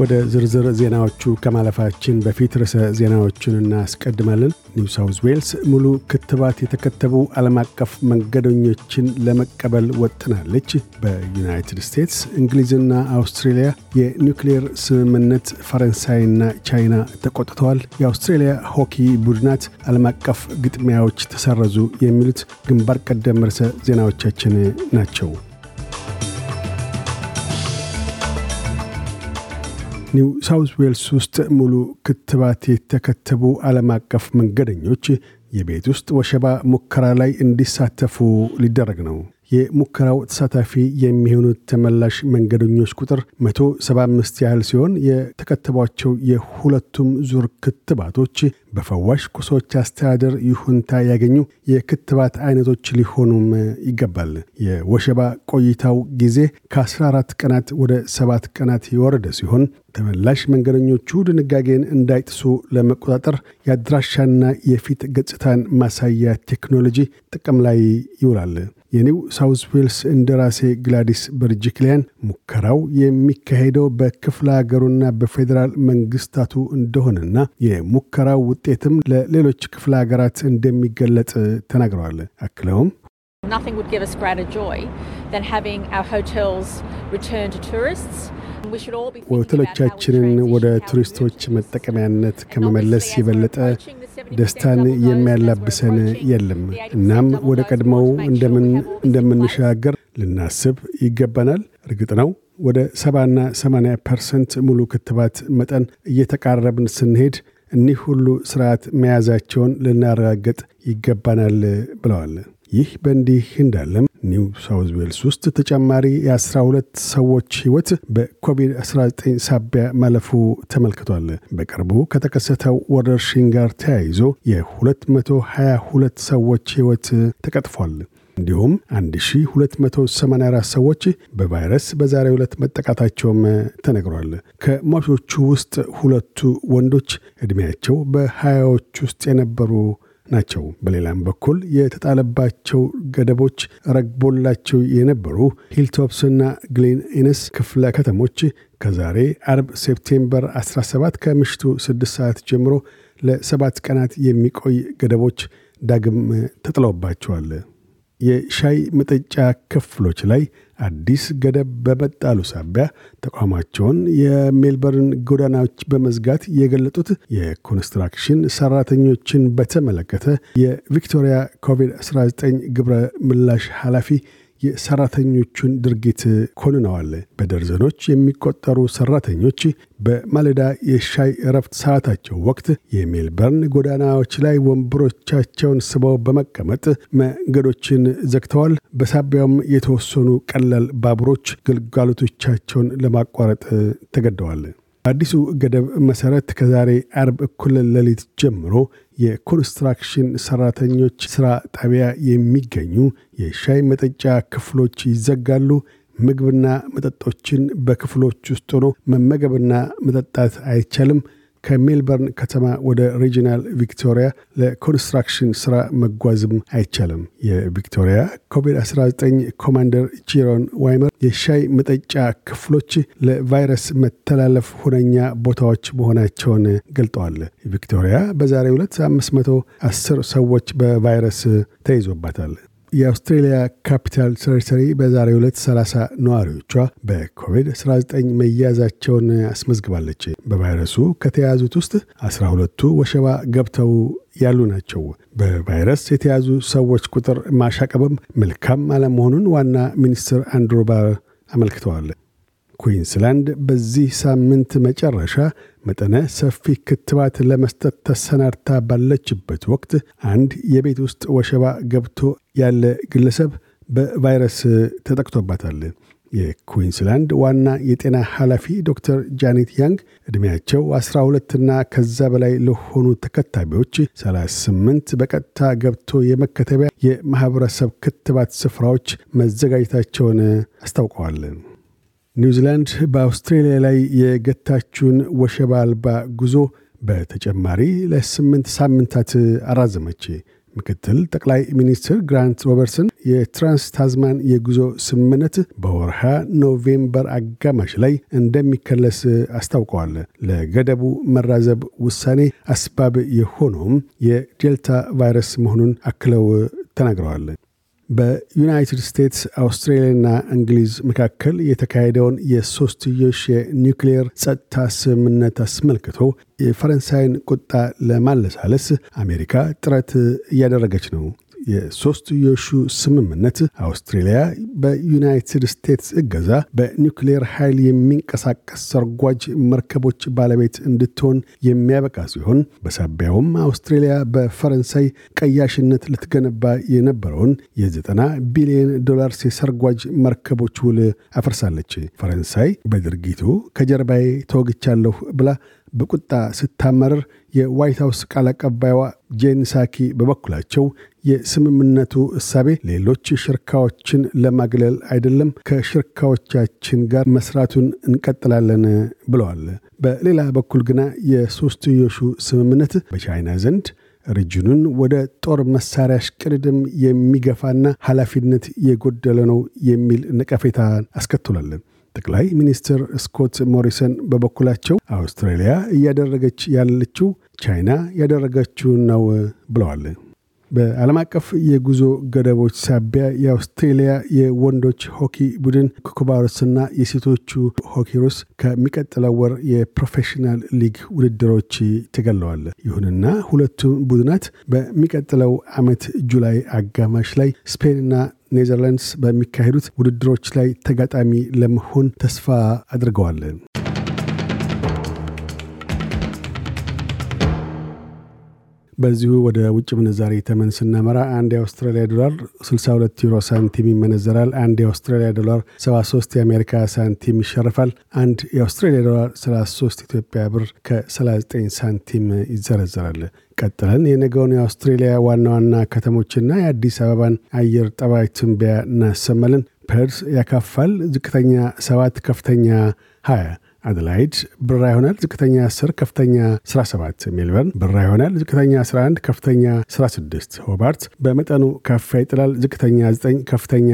ወደ ዝርዝር ዜናዎቹ ከማለፋችን በፊት ርዕሰ ዜናዎቹን እናስቀድማለን። ኒው ሳውዝ ዌልስ ሙሉ ክትባት የተከተቡ ዓለም አቀፍ መንገደኞችን ለመቀበል ወጥናለች። በዩናይትድ ስቴትስ፣ እንግሊዝና አውስትሬልያ የኒውክሌር ስምምነት ፈረንሳይና ቻይና ተቆጥተዋል። የአውስትሬልያ ሆኪ ቡድናት ዓለም አቀፍ ግጥሚያዎች ተሰረዙ። የሚሉት ግንባር ቀደም ርዕሰ ዜናዎቻችን ናቸው። ኒው ሳውት ዌልስ ውስጥ ሙሉ ክትባት የተከተቡ ዓለም አቀፍ መንገደኞች የቤት ውስጥ ወሸባ ሙከራ ላይ እንዲሳተፉ ሊደረግ ነው። የሙከራው ተሳታፊ የሚሆኑት ተመላሽ መንገደኞች ቁጥር 175 ያህል ሲሆን የተከተቧቸው የሁለቱም ዙር ክትባቶች በፈዋሽ ቁሶች አስተዳደር ይሁንታ ያገኙ የክትባት አይነቶች ሊሆኑም ይገባል። የወሸባ ቆይታው ጊዜ ከ14 ቀናት ወደ 7 ቀናት የወረደ ሲሆን ተመላሽ መንገደኞቹ ድንጋጌን እንዳይጥሱ ለመቆጣጠር የአድራሻና የፊት ገጽታን ማሳያ ቴክኖሎጂ ጥቅም ላይ ይውላል። የኒው ሳውዝ ዌልስ እንደራሴ ግላዲስ በርጅክሊያን ሙከራው የሚካሄደው በክፍለ ሀገሩና በፌዴራል መንግስታቱ እንደሆነና የሙከራው ውጤትም ለሌሎች ክፍለ ሀገራት እንደሚገለጽ ተናግረዋል። አክለውም Nothing would give us greater joy than having our hotels return to tourists. ሆቴሎቻችንን ወደ ቱሪስቶች መጠቀሚያነት ከመመለስ የበለጠ ደስታን የሚያላብሰን የለም። እናም ወደ ቀድሞው እንደምንሸጋገር ልናስብ ይገባናል። እርግጥ ነው ወደ 7 ና 80 ፐርሰንት ሙሉ ክትባት መጠን እየተቃረብን ስንሄድ እኒህ ሁሉ ስርዓት መያዛቸውን ልናረጋግጥ ይገባናል ብለዋል። ይህ በእንዲህ እንዳለም ኒው ሳውዝ ዌልስ ውስጥ ተጨማሪ የ12 ሰዎች ሕይወት በኮቪድ-19 ሳቢያ ማለፉ ተመልክቷል። በቅርቡ ከተከሰተው ወረርሽኝ ጋር ተያይዞ የ222 ሰዎች ሕይወት ተቀጥፏል። እንዲሁም 1284 ሰዎች በቫይረስ በዛሬ ዕለት መጠቃታቸውም ተነግሯል። ከሟቾቹ ውስጥ ሁለቱ ወንዶች ዕድሜያቸው በሀያዎች ውስጥ የነበሩ ናቸው። በሌላም በኩል የተጣለባቸው ገደቦች ረግቦላቸው የነበሩ ሂልቶፕስና ግሌን ኢነስ ክፍለ ከተሞች ከዛሬ አርብ ሴፕቴምበር 17 ከምሽቱ 6 ሰዓት ጀምሮ ለሰባት ቀናት የሚቆይ ገደቦች ዳግም ተጥለውባቸዋል። የሻይ መጠጫ ክፍሎች ላይ አዲስ ገደብ በመጣሉ ሳቢያ ተቋማቸውን የሜልበርን ጎዳናዎች በመዝጋት የገለጡት የኮንስትራክሽን ሰራተኞችን በተመለከተ የቪክቶሪያ ኮቪድ-19 ግብረ ምላሽ ኃላፊ የሰራተኞቹን ድርጊት ኮንነዋል። በደርዘኖች የሚቆጠሩ ሰራተኞች በማለዳ የሻይ እረፍት ሰዓታቸው ወቅት የሜልበርን ጎዳናዎች ላይ ወንበሮቻቸውን ስበው በመቀመጥ መንገዶችን ዘግተዋል። በሳቢያውም የተወሰኑ ቀላል ባቡሮች ግልጋሎቶቻቸውን ለማቋረጥ ተገደዋል። በአዲሱ ገደብ መሰረት ከዛሬ አርብ እኩል ሌሊት ጀምሮ የኮንስትራክሽን ሰራተኞች ስራ ጣቢያ የሚገኙ የሻይ መጠጫ ክፍሎች ይዘጋሉ። ምግብና መጠጦችን በክፍሎች ውስጥ ሆኖ መመገብና መጠጣት አይቻልም። ከሜልበርን ከተማ ወደ ሪጂናል ቪክቶሪያ ለኮንስትራክሽን ስራ መጓዝም አይቻልም። የቪክቶሪያ ኮቪድ-19 ኮማንደር ጂሮን ዋይመር የሻይ መጠጫ ክፍሎች ለቫይረስ መተላለፍ ሁነኛ ቦታዎች መሆናቸውን ገልጠዋል። ቪክቶሪያ በዛሬው 2510 ሰዎች በቫይረስ ተይዞባታል። የአውስትሬሊያ ካፒታል ተሪተሪ በዛሬው ዕለት 30 ነዋሪዎቿ በኮቪድ-19 መያዛቸውን አስመዝግባለች። በቫይረሱ ከተያዙት ውስጥ 12ቱ ወሸባ ገብተው ያሉ ናቸው። በቫይረስ የተያዙ ሰዎች ቁጥር ማሻቀብም መልካም አለመሆኑን ዋና ሚኒስትር አንድሩ ባር አመልክተዋል። ኩዊንስላንድ በዚህ ሳምንት መጨረሻ መጠነ ሰፊ ክትባት ለመስጠት ተሰናድታ ባለችበት ወቅት አንድ የቤት ውስጥ ወሸባ ገብቶ ያለ ግለሰብ በቫይረስ ተጠቅቶባታል። የኩዊንስላንድ ዋና የጤና ኃላፊ ዶክተር ጃኔት ያንግ ዕድሜያቸው 12ና ከዛ በላይ ለሆኑ ተከታቢዎች 38 በቀጥታ ገብቶ የመከተቢያ የማኅበረሰብ ክትባት ስፍራዎች መዘጋጀታቸውን አስታውቀዋል። ኒውዚላንድ በአውስትሬልያ ላይ የገታችውን ወሸባ አልባ ጉዞ በተጨማሪ ለስምንት ሳምንታት አራዘመች። ምክትል ጠቅላይ ሚኒስትር ግራንት ሮበርትሰን የትራንስ ታዝማን የጉዞ ስምምነት በወርሃ ኖቬምበር አጋማሽ ላይ እንደሚከለስ አስታውቀዋል። ለገደቡ መራዘብ ውሳኔ አስባብ የሆነውም የዴልታ ቫይረስ መሆኑን አክለው ተናግረዋል። በዩናይትድ ስቴትስ አውስትራሊያና እንግሊዝ መካከል የተካሄደውን የሶስትዮሽ የኒውክሌር ጸጥታ ስምምነት አስመልክቶ የፈረንሳይን ቁጣ ለማለሳለስ አሜሪካ ጥረት እያደረገች ነው። የሶስትዮሹ ስምምነት አውስትሬልያ በዩናይትድ ስቴትስ እገዛ በኒውክሌር ኃይል የሚንቀሳቀስ ሰርጓጅ መርከቦች ባለቤት እንድትሆን የሚያበቃ ሲሆን በሳቢያውም አውስትሬልያ በፈረንሳይ ቀያሽነት ልትገነባ የነበረውን የዘጠና ቢሊዮን ዶላርስ የሰርጓጅ መርከቦች ውል አፈርሳለች። ፈረንሳይ በድርጊቱ ከጀርባዬ ተወግቻለሁ ብላ በቁጣ ስታመርር የዋይት ሀውስ ቃል አቀባይዋ ጄን ሳኪ በበኩላቸው የስምምነቱ እሳቤ ሌሎች ሽርካዎችን ለማግለል አይደለም፣ ከሽርካዎቻችን ጋር መስራቱን እንቀጥላለን ብለዋል። በሌላ በኩል ግና የሶስትዮሹ ስምምነት በቻይና ዘንድ ርጅኑን ወደ ጦር መሳሪያ ሽቅድድም የሚገፋና ኃላፊነት የጎደለ ነው የሚል ነቀፌታ አስከትሏለን። ጠቅላይ ሚኒስትር ስኮት ሞሪሰን በበኩላቸው አውስትራሊያ እያደረገች ያለችው ቻይና ያደረገችውን ነው ብለዋል። በዓለም አቀፍ የጉዞ ገደቦች ሳቢያ የአውስትሬሊያ የወንዶች ሆኪ ቡድን ኮኮባሮስና የሴቶቹ ሆኪሮስ ከሚቀጥለው ወር የፕሮፌሽናል ሊግ ውድድሮች ተገለዋል። ይሁንና ሁለቱም ቡድናት በሚቀጥለው ዓመት ጁላይ አጋማሽ ላይ ስፔንና ኔዘርላንድስ በሚካሄዱት ውድድሮች ላይ ተጋጣሚ ለመሆን ተስፋ አድርገዋል? በዚሁ ወደ ውጭ ምንዛሬ ተመን ስናመራ አንድ የአውስትራሊያ ዶላር 62 ዩሮ ሳንቲም ይመነዘራል። አንድ የአውስትራሊያ ዶላር 73 የአሜሪካ ሳንቲም ይሸርፋል። አንድ የአውስትራሊያ ዶላር 33 ኢትዮጵያ ብር ከ39 ሳንቲም ይዘረዘራል። ቀጥለን የነገውን የአውስትሬሊያ ዋና ዋና ከተሞችና የአዲስ አበባን አየር ጠባይ ትንበያ እናሰማለን። ፐርስ ያካፋል። ዝቅተኛ 7 ከፍተኛ 20 አደላይድ ብራ ይሆናል። ዝቅተኛ 10 ከፍተኛ 17። ሜልበርን ብራ ይሆናል። ዝቅተኛ 11 ከፍተኛ 16። ሆባርት በመጠኑ ካፋ ይጥላል። ዝቅተኛ 9 ከፍተኛ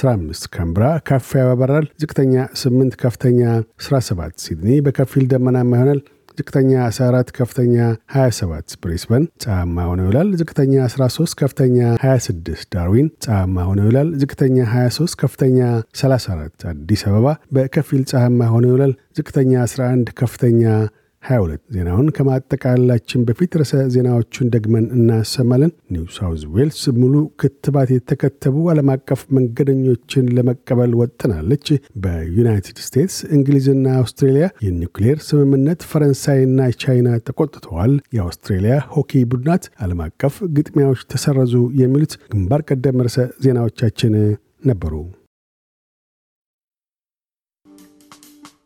15። ካምብራ ካፋ ያባበራል ዝቅተኛ 8 ከፍተኛ 17። ሲድኒ በከፊል ደመናማ ይሆናል። ዝቅተኛ 14 ከፍተኛ 27 ብሪስበን ጫማ ሆኖ ይውላል። ዝቅተኛ 13 ከፍተኛ 26 ዳርዊን ጫማ ሆኖ ይውላል። ዝቅተኛ 23 ከፍተኛ 34 አዲስ አበባ በከፊል ጫማ ሆኖ ይውላል። ዝቅተኛ 11 ከፍተኛ 22 ዜናውን ከማጠቃላችን በፊት ርዕሰ ዜናዎቹን ደግመን እናሰማለን። ኒው ሳውዝ ዌልስ ሙሉ ክትባት የተከተቡ ዓለም አቀፍ መንገደኞችን ለመቀበል ወጥናለች። በዩናይትድ ስቴትስ፣ እንግሊዝና አውስትሬሊያ የኒውክሌር ስምምነት ፈረንሳይና ቻይና ተቆጥተዋል። የአውስትሬሊያ ሆኪ ቡድናት ዓለም አቀፍ ግጥሚያዎች ተሰረዙ። የሚሉት ግንባር ቀደም ርዕሰ ዜናዎቻችን ነበሩ።